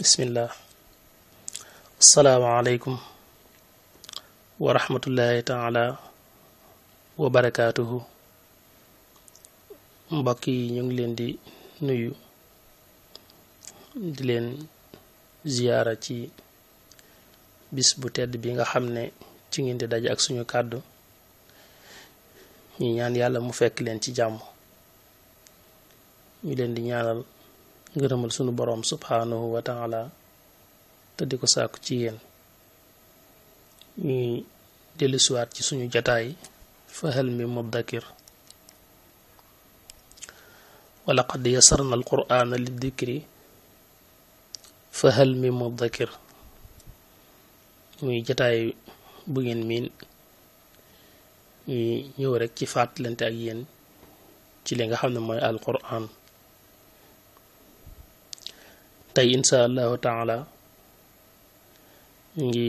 bisimillah assalamu aleykum wa rahmatullahi taala wa barakatuhu mbokk yi ñu ngi leen di nuyu di leen ziyaara ci bis bu tedd bi nga xam ne ci ngeen di daje ak suñu kàddu ñu ñaan yàlla mu fekk leen ci jàmm ñu leen di ñaanal ngërëmal sunu boroom subhaanahu wa taala te ko sàkku ci yéen ñuy dellusiwaat ci suñu jataay fahal mi muddakir wa laqad yasarna alqur'ana liddikri fahal mi muddakir muy jataay bu ngeen miin ñuy ñëw rek ci fàttalante ak yéen ci li nga xam ne mooy alqur'an tey insa allahu taala ngi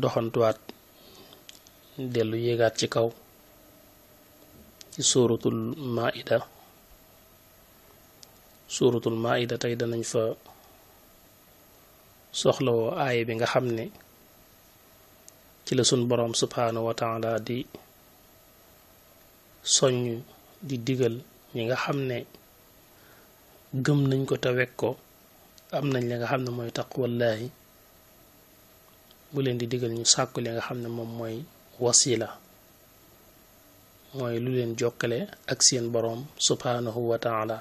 doxantuwaat dellu yéegaat ci kaw ci suuratul maida suuratul maida tey danañ fa soxlawoo aaya bi nga xam ne ci la sun borom subhanahu wa taala di soññu di digal ñi nga xam ne gëm nañ ko te wek ko am nañ li nga xam ne mooy taqwallaahi bu leen di digal ñu sàkk li nga xam ne moom mooy wasila mooy lu leen jokkale ak seen boroom subhaanahu wa taala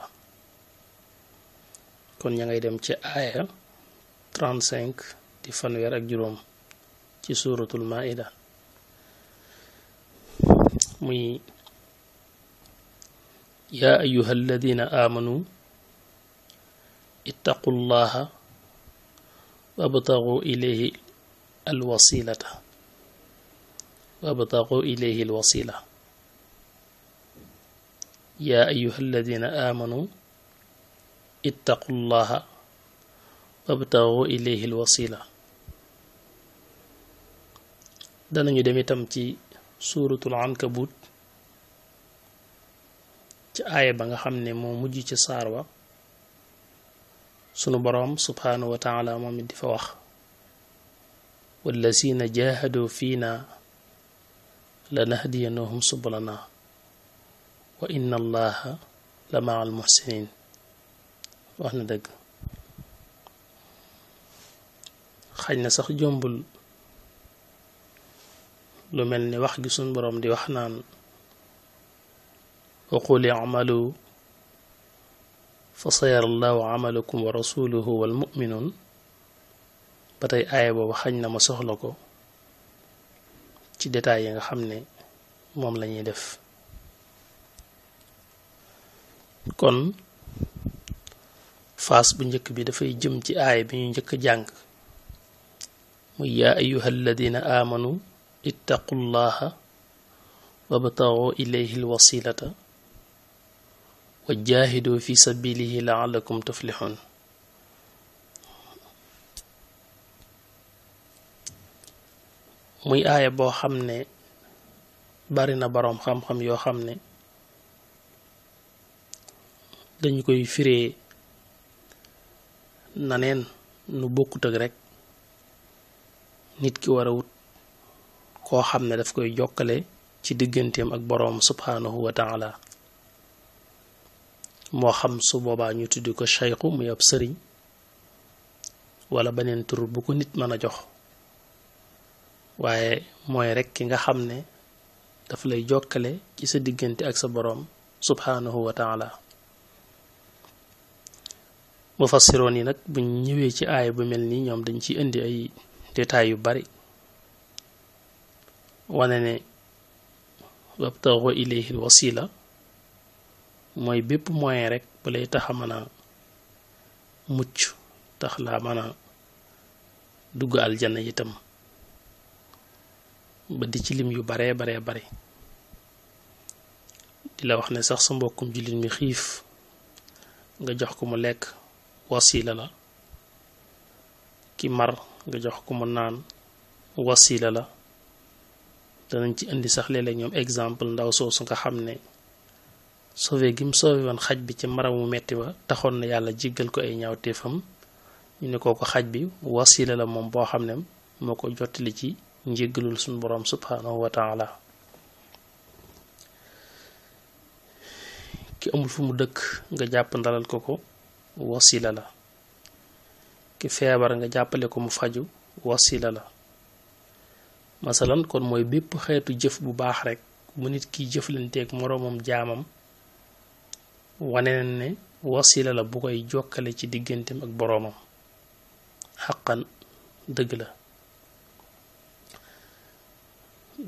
kon ña ngay dem ci aaya cinq di fanweer ak juróom ci suuratul maida muy yaa ayuha alladina amanu اتقوا الله وابتغوا إليه الوسيلة وابتغوا إليه الوسيلة يا أيها الذين آمنوا اتقوا الله وابتغوا إليه الوسيلة دانا dem itam ci suuratul ankabut ci aaya ba nga xam سنو برام سبحانه وتعالى مامي دي فوخ والذين جاهدوا فينا لنهدينهم سبلنا وإن الله لمع المحسنين واحنا دق خاينا سخ جنبل لمن ملني واخ سن بروم دي واخ وقول اعملوا fa sayara allahu amalakum wa rasuluhu wal mu'minun ba tey aaya boobu xañ na ma soxla ko ci détails yi nga xam ne moom lañuy def kon fas bu njëkk bi dafay jëm ci aaya bi ñu njëkk jàng muy yaa ayuha alladina aamanu ittaqullaha wabtaxu ilayhi alwasilata wa jaahidu la sabilihi laallakum tuflixuun muy aaya boo xam ne bari na boroom xam-xam yoo xam ne dañu koy firee naneen nu bokkut ak rekk nit ki war a wut koo xam ne daf koy jokkale ci digganteem ak boroom subhaanahu wa moo xam su boobaa ñu tudd ko sayxu muy ab sëriñ wala beneen tur bu ko nit mën a jox waaye mooy rekk ki nga xam ne daf lay jokkale ci sa diggante ak sa boroom subhaanahu wa taala mufassiroon yi nag buñ ñëwee ci aaya bu mel nii ñoom dañ ci indi ay détails yu bari wane ne wabtaxu ilayhi l mooy bépp moyen rek bu lay tax a mën a mucc tax laa mën a dugg aljana itam ba di ci lim yu baree baree bare di la wax ne sax sa mbokkum jullit mi xiif nga jox ko mu lekk wasila la ki mar nga jox ko mu naan wasila la danañ ci indi sax léeg-léeg exemple ndaw soosu nga xam sauvé gi mu sauvé xaj bi ci mu metti wa taxoon na yàlla jéggal ko ay ñaawteefam ñu ne kooku xaj bi wasila la moom boo xam ne moo ko jottali ci njéggalul suñu borom subhanahu wa taala ki amul fu mu dëkk nga jàpp ndalal ko ko wasila la ki feebar nga jàppale ko mu faju wasila la masalan kon mooy bépp xeetu jëf bu baax rek mu nit kiy jëflanteeg moroomam jaamam wane na ne wasila la bu koy jokkale ci digganteem ak boroomam xaqan dëgg la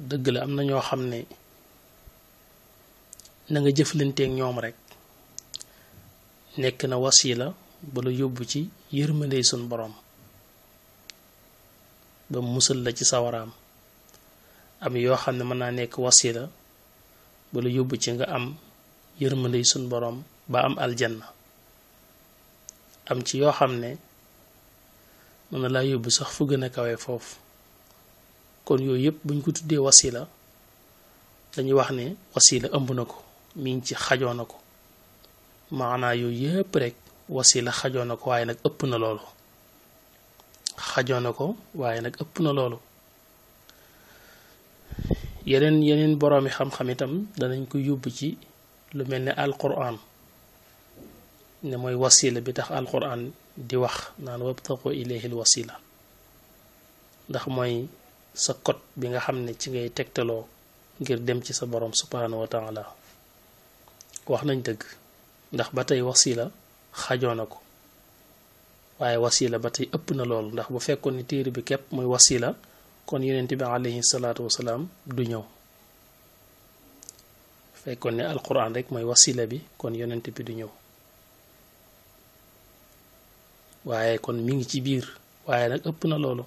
dëgg la am na ñoo xam ne nanga nga jëflanteeg ñoom rek nekk na wasila ba la yóbbu ci yërmandey sun boroom ba musal la ci sawaraam am yoo xam ne mën naa nekk wasila ba la yóbbu ci nga am yërmandey suñ boroom ba am aljanna am ci yoo xam ne mën na laa yóbbu sax fu gën a kawee foofu kon yooyu yëpp buñ ko tuddee wasila dañuy wax ne wasila ëmb na ko mi ngi ci xajoo na ko maanaa yooyu yëpp rek wasila xajoo na ko waaye nag ëpp na loolu xajoo na ko waaye nag ëpp na loolu yeneen yeneen boroomi xam-xam itam danañ ko yóbbu ci lu mel ne alquran ne mooy wasila bi tax alquran di wax naan wabtaqu ilayhi alwasila ndax mooy sa code bi nga xam ne ci ngay tegtaloo ngir dem ci sa borom subhanahu wa taala wax nañ dëgg ndax ba tey wasila xajoo na ko waaye wasila ba tey ëpp na loolu ndax bu fekkoon ni téere bi képp mooy wasila kon yonent bi alayhi salaatu wasalaam du ñëw kon ne alquran rek mooy wasila bi kon yonent bi du ñëw waaye kon mi ngi ci biir waaye nag ëpp na loolu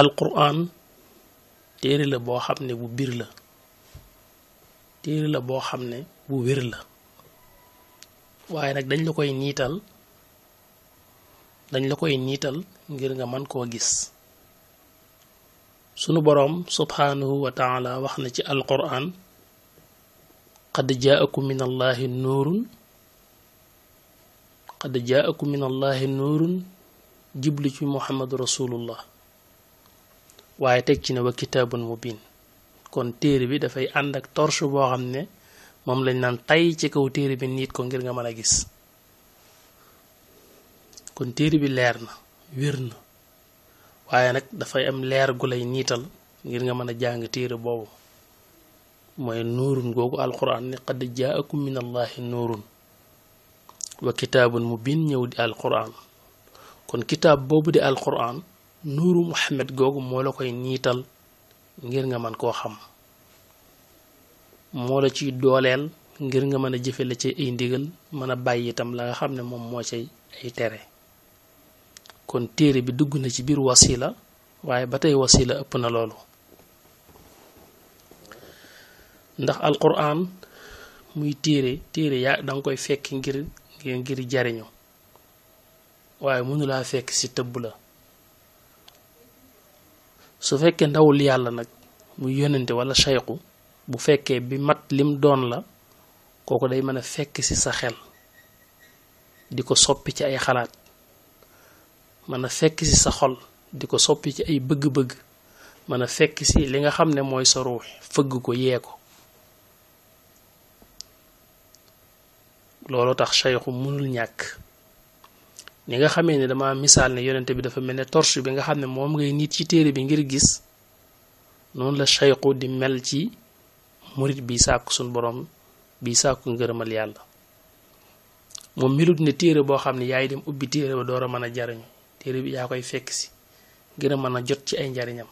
alquran téere la boo xam ne bu biir la téere la boo xam ne bu wér la waaye nag dañ la koy niital dañ la koy niital ngir nga mën koo gis sunu boroom subhaanahu wa taala wax na ci alquran qad jaakum min allahi nuurun qad jaakum min allahi nuurun jiblu ci muhammadu rasulullah waaye teg ci ne wa kitaabun mubin kon téere bi dafay ànd ak torche boo xam ne moom lañ naan tay ci kaw téere bi niit ko ngir nga mën a gis kon téere bi leer na wér na waaye nag dafay am leer gu lay niital ngir nga mën a jàng téere boobu mooy nuurun googu alxuraan ni qad jaakum min allahi nuurun wa kitaabun mubin ñëw di alxuraan kon kitaab boobu di alquran nuuru muhammad googu moo la koy niital ngir nga mën koo xam moo la ciy dooleel ngir nga mën a jëfe la ci ay ndigal mën a bàyyi itam la nga xam ne moom moo cay ay tere kon téere bi dugg na ci biir wasila waaye ba tey wasila ëpp na loolu ndax alquran muy téere téere yaa danga koy fekk ngir ngir jariñu waaye mënulaa fekk ci tëbb la su fekkee ndawul yàlla nag muy yonente wala sayxu bu fekkee bi mat lim doon la kooku day mën a fekk ci sa xel di ko soppi ci ay xalaat mën a fekk si sa xol di ko soppi ci ay bëgg-bëgg mën a fekk si li nga xam ne mooy sa ruux fëgg ko yee ko loolu tax sayxu mënul ñàkk ni nga xamee ne dama misaal ne yonente bi dafa mel ne torche bi nga xam ne moom ngay nit ci téere bi ngir gis noonu la sayxu di mel ci murit bi sàkku suñ borom bi sàkku ngërëmal yàlla moom melut ne téere boo xam ne yaay dem ubbi téere ba door a mën a jariñu téere bi yaa koy fekk si gën a mën a jot ci ay njariñam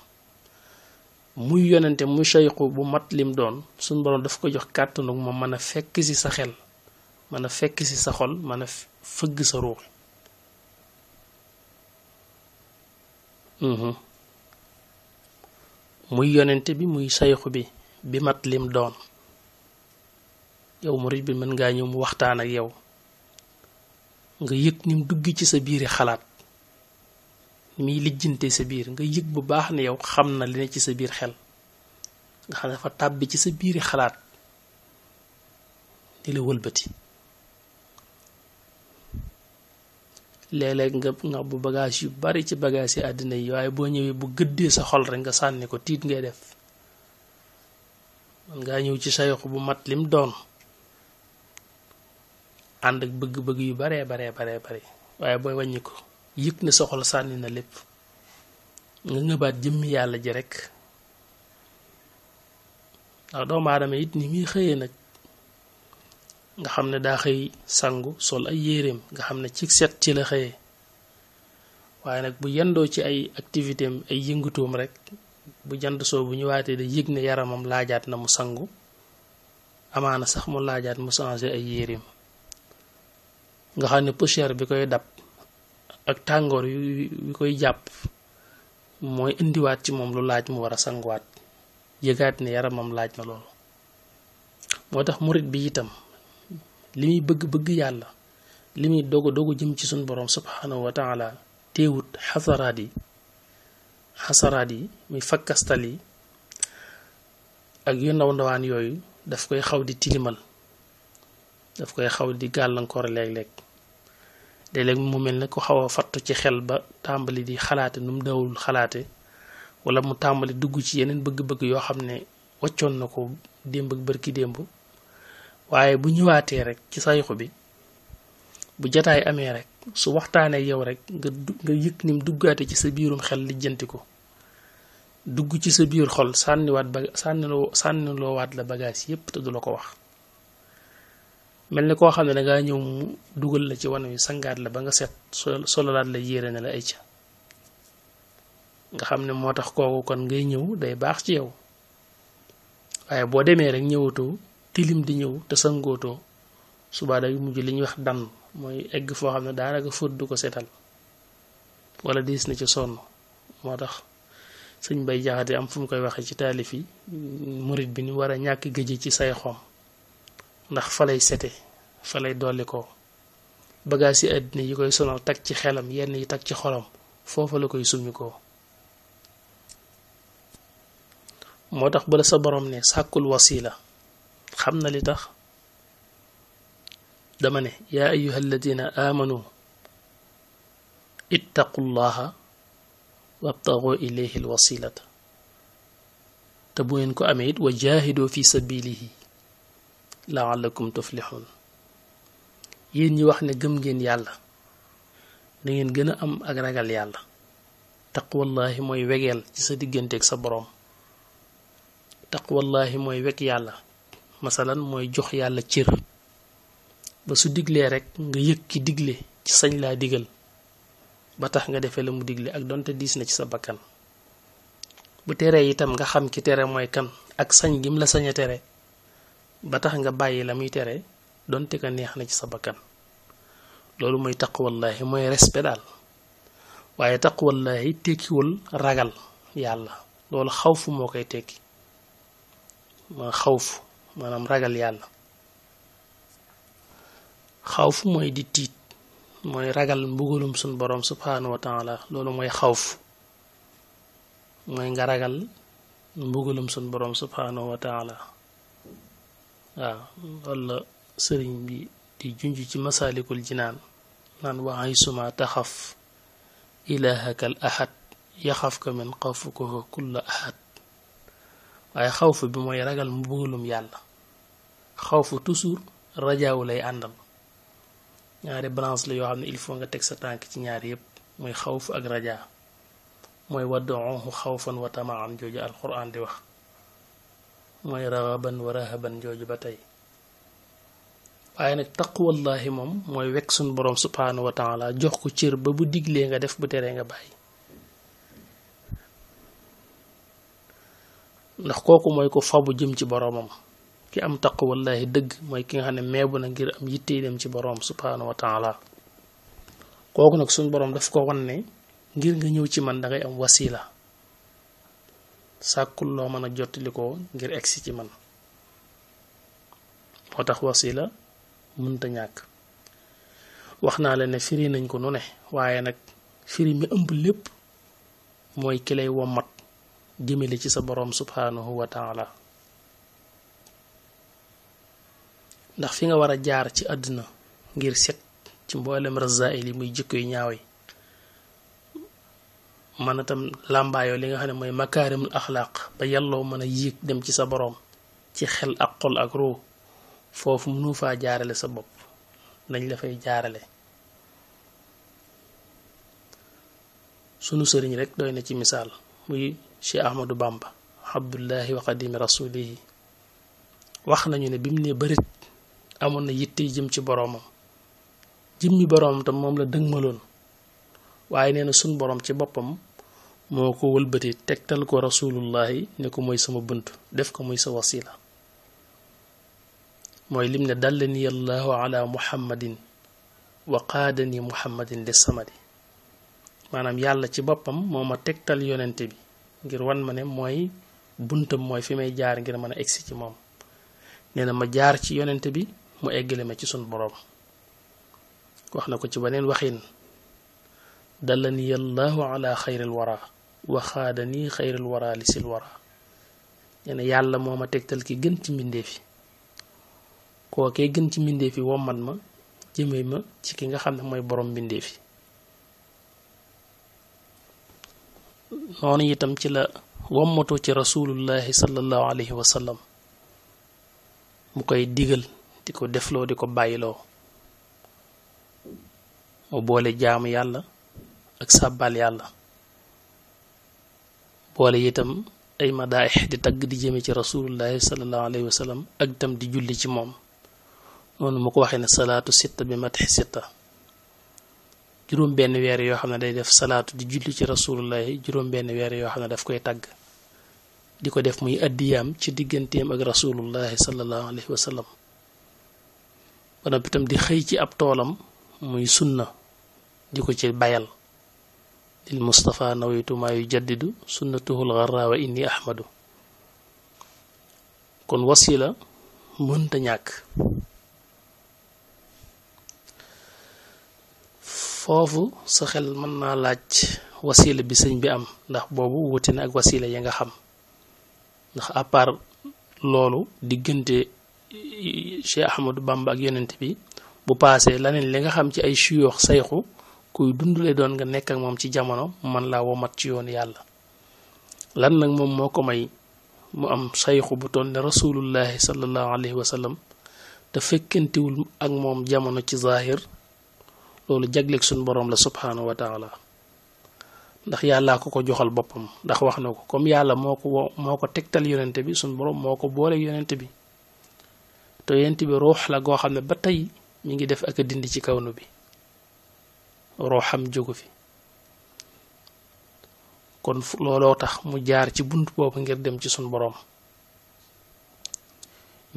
muy yonente mu sayxu bu mat lim doon suñ borom daf ko jox kàttanu moom mën a fekk si sa xel mën a fekk si sa xol mën a fëgg sa ruux mhm. muy yonente bi muy sayxu bi bi mat lim doon yow murid bi mën ngaa ñëw mu waxtaan ak yow nga yëg nim dugg ci sa biiri xalaat miy lijjante sa biir nga yëg bu baax ne yow xam na li ne ci sa biir xel nga xam ne dafa tàbbi ci sa biiri xalaat di la wëlbati léeg nga nga bu bagage yu bari ci bagage yi àddina yi waaye boo ñëwee bu gëddee sa xol rek nga sànni ko tiit ngay def man ngaa ñëw ci sayxu bu mat lim doon ànd ak bëgg-bëgg yu baree bare baree bare waaye booy wàññi yëg ne soxol sànni na lépp nga ngëbaat jëmmi yàlla ji rekk ndax doomu aadama it ni muy xëyee nag nga xam ne daa xëy sangu sol ay yéreem nga xam ne ci set ci la xëyee waaye nag bu yendoo ci ay activité am ay yëngatuum rek bu jant soo bu ñu waatee da yëg ne yaramam laajaat na mu sangu amaana sax mu laajaat mu changé ay yéreem nga xam ne poussière bi koy dab ak tàngoor yu koy jàpp mooy indiwaat ci moom lu laaj mu war a sanguwaat yëgaat ne yaramam laaj na loolu moo tax morit bi itam li muy bëgg-bëgg yàlla li muy dogu dogu jëm ci suñ borom subhanahu wa taala teewut xasaraat yi xasaraat yi muy fakkastal yi ak yu ndaw ndawaan yooyu daf koy xaw di tilimal daf koy xaw di gàllankoor léeg lekk léeg-léeg mu mel na ku xaw a fattu ci xel ba tàmbali di xalaate nu mu dawul xalaate wala mu tàmbali dugg ci yeneen bëgg-bëgg yoo xam ne waccoon na ko démb ak bërki démb waaye bu ñëwaatee rek ci sayxu bi bu jataay amee rek su waxtaanee yow rek nga nga yëg nim duggaate ci sa biirum xel lijjanti ko dugg ci sa biir xol sànniwaat ba sànniloo sànniloowaat la bagage yépp te du la ko wax mel ni koo xam ne dangaa ñëw mu dugal la ci wan wi sangaat la ba nga set sololaat la yére ne la ay ca nga xam ne moo tax kooku kon ngay ñëw day baax ci yow waaye boo demee rek ñëwatoo tilim di ñëw te sangootoo subaa day mujj li ñuy wax dan mooy egg foo xam ne daanaka fóot du ko setal wala diis na ci sonn moo tax suñ bay jaxate am fu mu koy waxee ci taalif yi morit bi ni war a ñàkk géje ci say xoom ndax falay sete fa lay dolli ko bagaas yi àddina yi koy sonal tag ci xelam yenn yi tag ci xolam foofa la koy summi ko moo tax bala sa borom ne sàkkul wasila xam na li tax dama ne yaa ayuha alladina aamanu ittaqu llaha wabtagu ilayhi alwasilata te bu ngeen ko amee it wa jaahidu fi sabilihi laallakum tuflixuun yéen ñi wax ne gëm ngeen yàlla da ngeen gën a am ak ragal yàlla taqwallahi mooy wegeel ci sa digganteeg sa borom taqwallahi mooy weg yàlla masalan mooy jox yàlla cër ba su diglee rek nga yëg ki digle ci sañ laa digal ba tax nga defee la mu digle ak donte diis na ci sa bakkan bu teree itam nga xam ki tere mooy kan ak sañ gim la sañ a tere ba tax nga bàyyi la muy tere donte ko neex na ci sa bakkan loolu mooy taqwallaahi mooy respect daal waaye taqwallaahi tekkiwul ragal yàlla loolu xawfu moo koy tekki ma xawfu maanaam ragal yàlla xawfu mooy di tiit mooy ragal mbugalum sun borom subhaanahu wa taala loolu mooy xawfu mooy nga ragal mbugalum sun borom subhaanahu wa taala waaw walla sëriñ bi di junj ci masaalikul jinaan naan wa haysuma taxaf ilahaka al ahad yaxaf ka min xawfuka kulla ahad waaye xawfu bi mooy ragal mbugalum yàlla xawfu toujours rajaawu lay àndal ñaari balance la yoo xam ne il faut nga teg sa tànk ci ñaari yépp mooy xawfu ak rajaa mooy wadduuhu xawfan wa tamaan jooju alquran di wax mooy raxaban wa rahaban jooju ba tey waayene taqwallahi moom mooy wek sun borom subhanahu wa taala jox ko cër ba bu diglee nga def bu teree nga bàyyi ndax kooku mooy ko fabu jëm ci boroomam ki am taqwallahi dëgg mooy ki nga xam ne meebu na ngir am yitte dem ci boroom subhanahu wa taala kooku nag suñ borom daf ko wan ne ngir nga ñëw ci man da ngay am wasila sàkkul loo mën a jottilikoo ngir egsi ci man moo tax wasila mënta ñàkk wax naa la ne firi nañ ko nu ne waaye nag firi mi ëmb lépp mooy ki lay wommat jëmale ci sa boroom subhaanahu wa taala ndax fi nga war a jaar ci àdduna ngir set ci mboolem rasaayil li muy jikko yu ñaaw mën man itam làmbaayoo li nga xam ne mooy makaarimul axlaaq ba yàlloo mën a yéeg dem ci sa boroom ci xel ak xol ak ruu foofu mënu faa jaarale sa bopp dañ la jaarale sunu sëriñ rek doy na ci misaal muy Cheikh Ahmadou Bamba abdullahi wa qadimi rasulihi wax nañu ne bi mu nee bërit amoon na yitte jëm ci boroomam jëmmi boroomam tam moom la dëgmaloon waaye nee na sunu boroom ci boppam moo ko wëlbati tegtal ko rasulullahi ne ko mooy sama bunt def ko muy sa wasila mooy lim ne dallani allahu ala muhammadin wa qaadani muhammadin li samadi maanaam yàlla ci boppam moo ma tegtal yonente bi ngir wan ma ne mooy buntam mooy fi may jaar ngir mën a egsi ci moom nee na ma jaar ci yonente bi mu eggale ma ci sun boroom wax na ko ci beneen waxin dallani allahu ala xayril wara wa xaadani xayril wara li sil wara nee na yàlla moo ma tegtal ki gën ci mbindeef yi kookee gën ci mbindeef yi wommat ma jëme ma ci ki nga xam ne mooy borom mbindeef noonu itam ci la wommatoo ci rasulullahi sallallahu alayhi mu koy digal di ko defloo di ko bàyyiloo mu boole jaamu yàlla ak sàbbal yàlla boole itam ay madaax di tagg di jëme ci rasulullahi sallallahu alayhi ak itam di julli ci moom noonu mu ko waxee ne salaatu sitta bi matxi sitta juróom benn weer yoo xam ne day def salaatu di julli ci rasulullahi juróom benn weer yoo xam ne daf koy tàgg di ko def muy addiyaam ci digganteem ak rasulullahi sallallahu alayhi wa sallam ba noppi itam di xëy ci ab toolam muy sunna di ko ci bayal lil Mustafa nawaytu maa yu jaddidu sunnatuhul mënta ñàkk foofu sa xel mën naa laaj wasila bi sëñ bi am ndax boobu wuti na ak wasila ya nga xam ndax à part loolu diggante Cheikh Ahmadou Bamba ak yonent bi bu paasee laneen li nga xam ci ay suyoox sayxu kuy dundulee doon nga nekk ak moom ci jamono man laa womat ci yoon yàlla lan nag moom moo ko may mu am sayxu bu toll ne rasulullahi sallallahu alayhi wa te fekkentiwul ak moom jamono ci zahir loolu jagleeg suñu boroom la subhaanahu wa taala ndax yàllaa ko ko joxal boppam ndax wax na ko comme yàlla moo ko moo ko tegtal yonente bi suñ borom moo ko booleeg yonente bi te yonente bi ruux la goo xam ne ba tey mi ngi def ak a ci kawnu bi ruuxam jógu fi kon looloo tax mu jaar ci bunt boobu ngir dem ci suñu boroom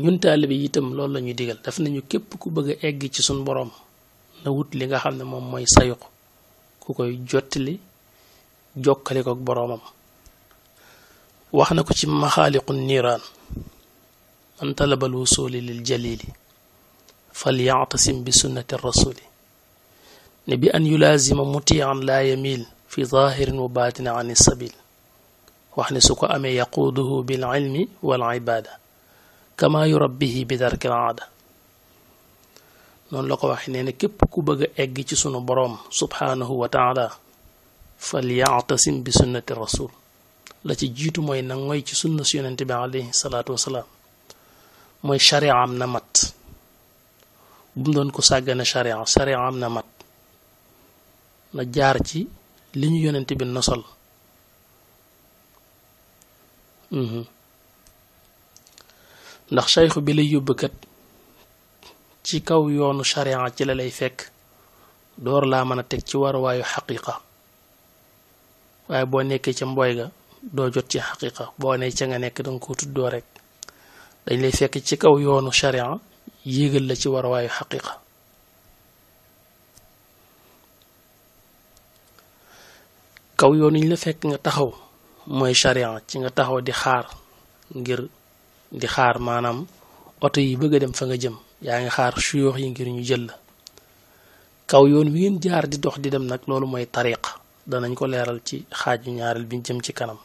ñun taalibe itam loolu lañuy ñuy digal daf nañu képp ku bëgg a egg ci suñu boroom la wut li nga xamne mom moy mooy ku koy jottali jokale ko ak boromam waxna ko ci maxaaliqu niran man talabal wusuli lil jalil falyatasim bi sunnati rasuli ne bi an yulaazima mutian la yamil fi zahirin wa batin an sabil wax suko su yaquduhu bil ilmi wal ibada kama yurabbihi bi darkil aada noonu la ko waxee nee na képp ku bëgg egg ci sunu boroom subhaanahu wa taala falyatasim bi sunnati rasul la ci jiitu mooy nag mooy ci sunna su yonente bi alayhi salaatu wasalaam mooy shari'am na mat bu ko sàggane shari'a shari'am na mat na jaar ci li ñu yonente bi nosal mhm. ndax sayxu bi lay yóbbu kat ci kaw yoonu sharia ci la lay fekk door laa mën a teg ci waruwaayu xaqiqa waaye boo nekkee ca mbooy ga doo jot ci xaqiqa boo ne ca nga nekk danga ko tuddoo rek dañ lay fekk ci kaw yoonu sharia yéegal la ci waruwaayu xaqiqa kaw yoonu ñu la fekk nga taxaw mooy sharia ci nga taxaw di xaar ngir di xaar maanaam oto yi bëgg a dem fa nga jëm yaa ngi xaar suyoox yi ngir ñu jël la kaw yoon wi jaar di dox di dem nag loolu mooy tariq danañ ko leeral ci xaaju ñaareel bi jëm ci kanam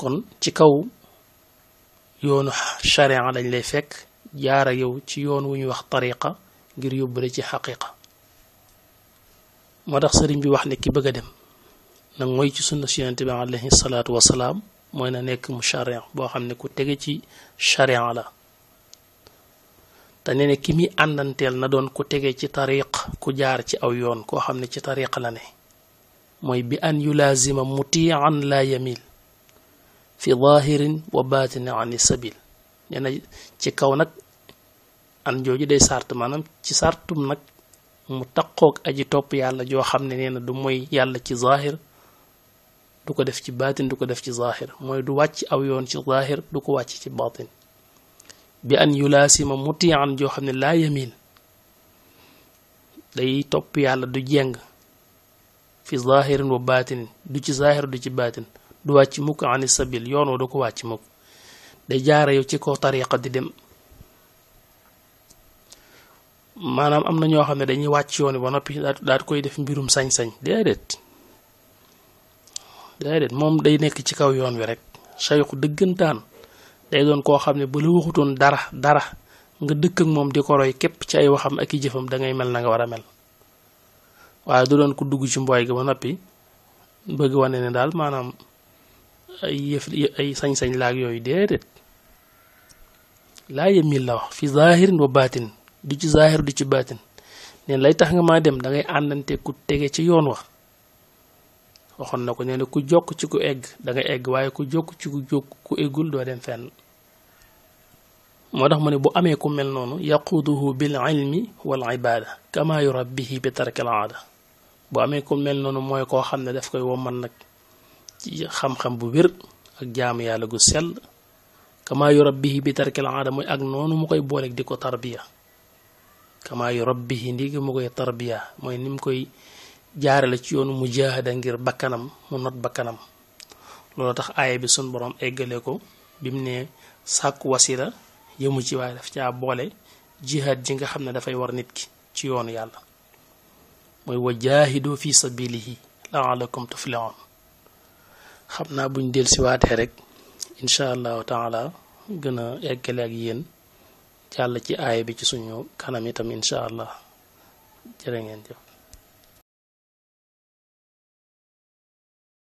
kon ci kaw yoonu charia lañ lay fekk jaar ak yow ci yoon wu ñuy wax tariqa ngir yóbbale ci xaqiqa moo tax sëriñ bi wax ne ki bëgg a dem nag mooy ci sunna si yonent bi salaatu wasalaam mooy na nekk mu charia boo xam ne ku tege ci charia la te nee ne ki muy àndanteel na doon ku tege ci tariq ku jaar ci aw yoon koo xam ne ci tariq la mooy bi an yulaazima mutian laa yamil fi zahirin wa batini ani sabil nee na ci kaw nag an jooju day sart maanaam ci sartum nag mu taqoog aji topp yàlla joo xam ne nena du mooy yàlla ci zahir du ko def ci baatin du ko def ci zahir mooy du wàcc aw yoon ci zahir du ko wàcc ci baatin bi an yulaasima mutiyan joo xam ne laa yamin day topp yàlla du jeng fi zahirin wa baatin du ci zahir du ci baatin du wàcc mukk ani sabil yoon woo du ko wàcc mukk day jaare yow ci kaw tariqa di dem maanaam am na ñoo xam ne dañuy wàcc yoon ba noppi daat koy def mbirum sañ-sañ déedéet déedéet moom day nekk ci kaw yoon wi rek sayxu dëggantaan day doon koo xam ne bu waxutoon dara dara nga dëkk ak moom di ko roy képp ci ay waxam ak i jëfam dangay mel na nga war a mel waaye du doon ku dugg ci mbooy gi ba noppi bëgg wane ne daal maanaam ay yëf ay sañ-sañ laag yooyu déedéet laa yemil la wax fi zaahirin wa baatin du ci zaahir du ci baatin neen lay tax nga maa dem dangay ngay àndante ku tege ci yoon wax waxoon na ko nee na ku jokk ci ku egg dangay egg waaye ku jokk ci ku jóg ku eggul doo موضح موني بو امي كو مل نونو يقوده بالعلم والعباده كما يربيه بترك العاده بو امي كو مل نونو موي كو خامني داف كاي ومان نك تي خام خام بو وير اك جام يالا غو سيل كما يربيه بترك العاده موي اك نونو موكاي بولك ديكو تربيه كما يربيه نيغي موكاي تربيه موي نيم كوي جار لا تي يونو مجاهده غير بكانم مو نوت بكانم لولو تخ ايي بي سون بروم ايغاليكو بيم ني وسيله yëmu ci waaye daf caa boole jihaad ji nga xam ne dafay war nit ki ci yoonu yàlla mooy wa jaahidu fi sabilihi laalakum tuflihun xam naa buñ del si waatee rek incha allahu taala gën a eggale ak yéen jàll ci aaya bi ci suñu kanam itam incha allah jërë jëf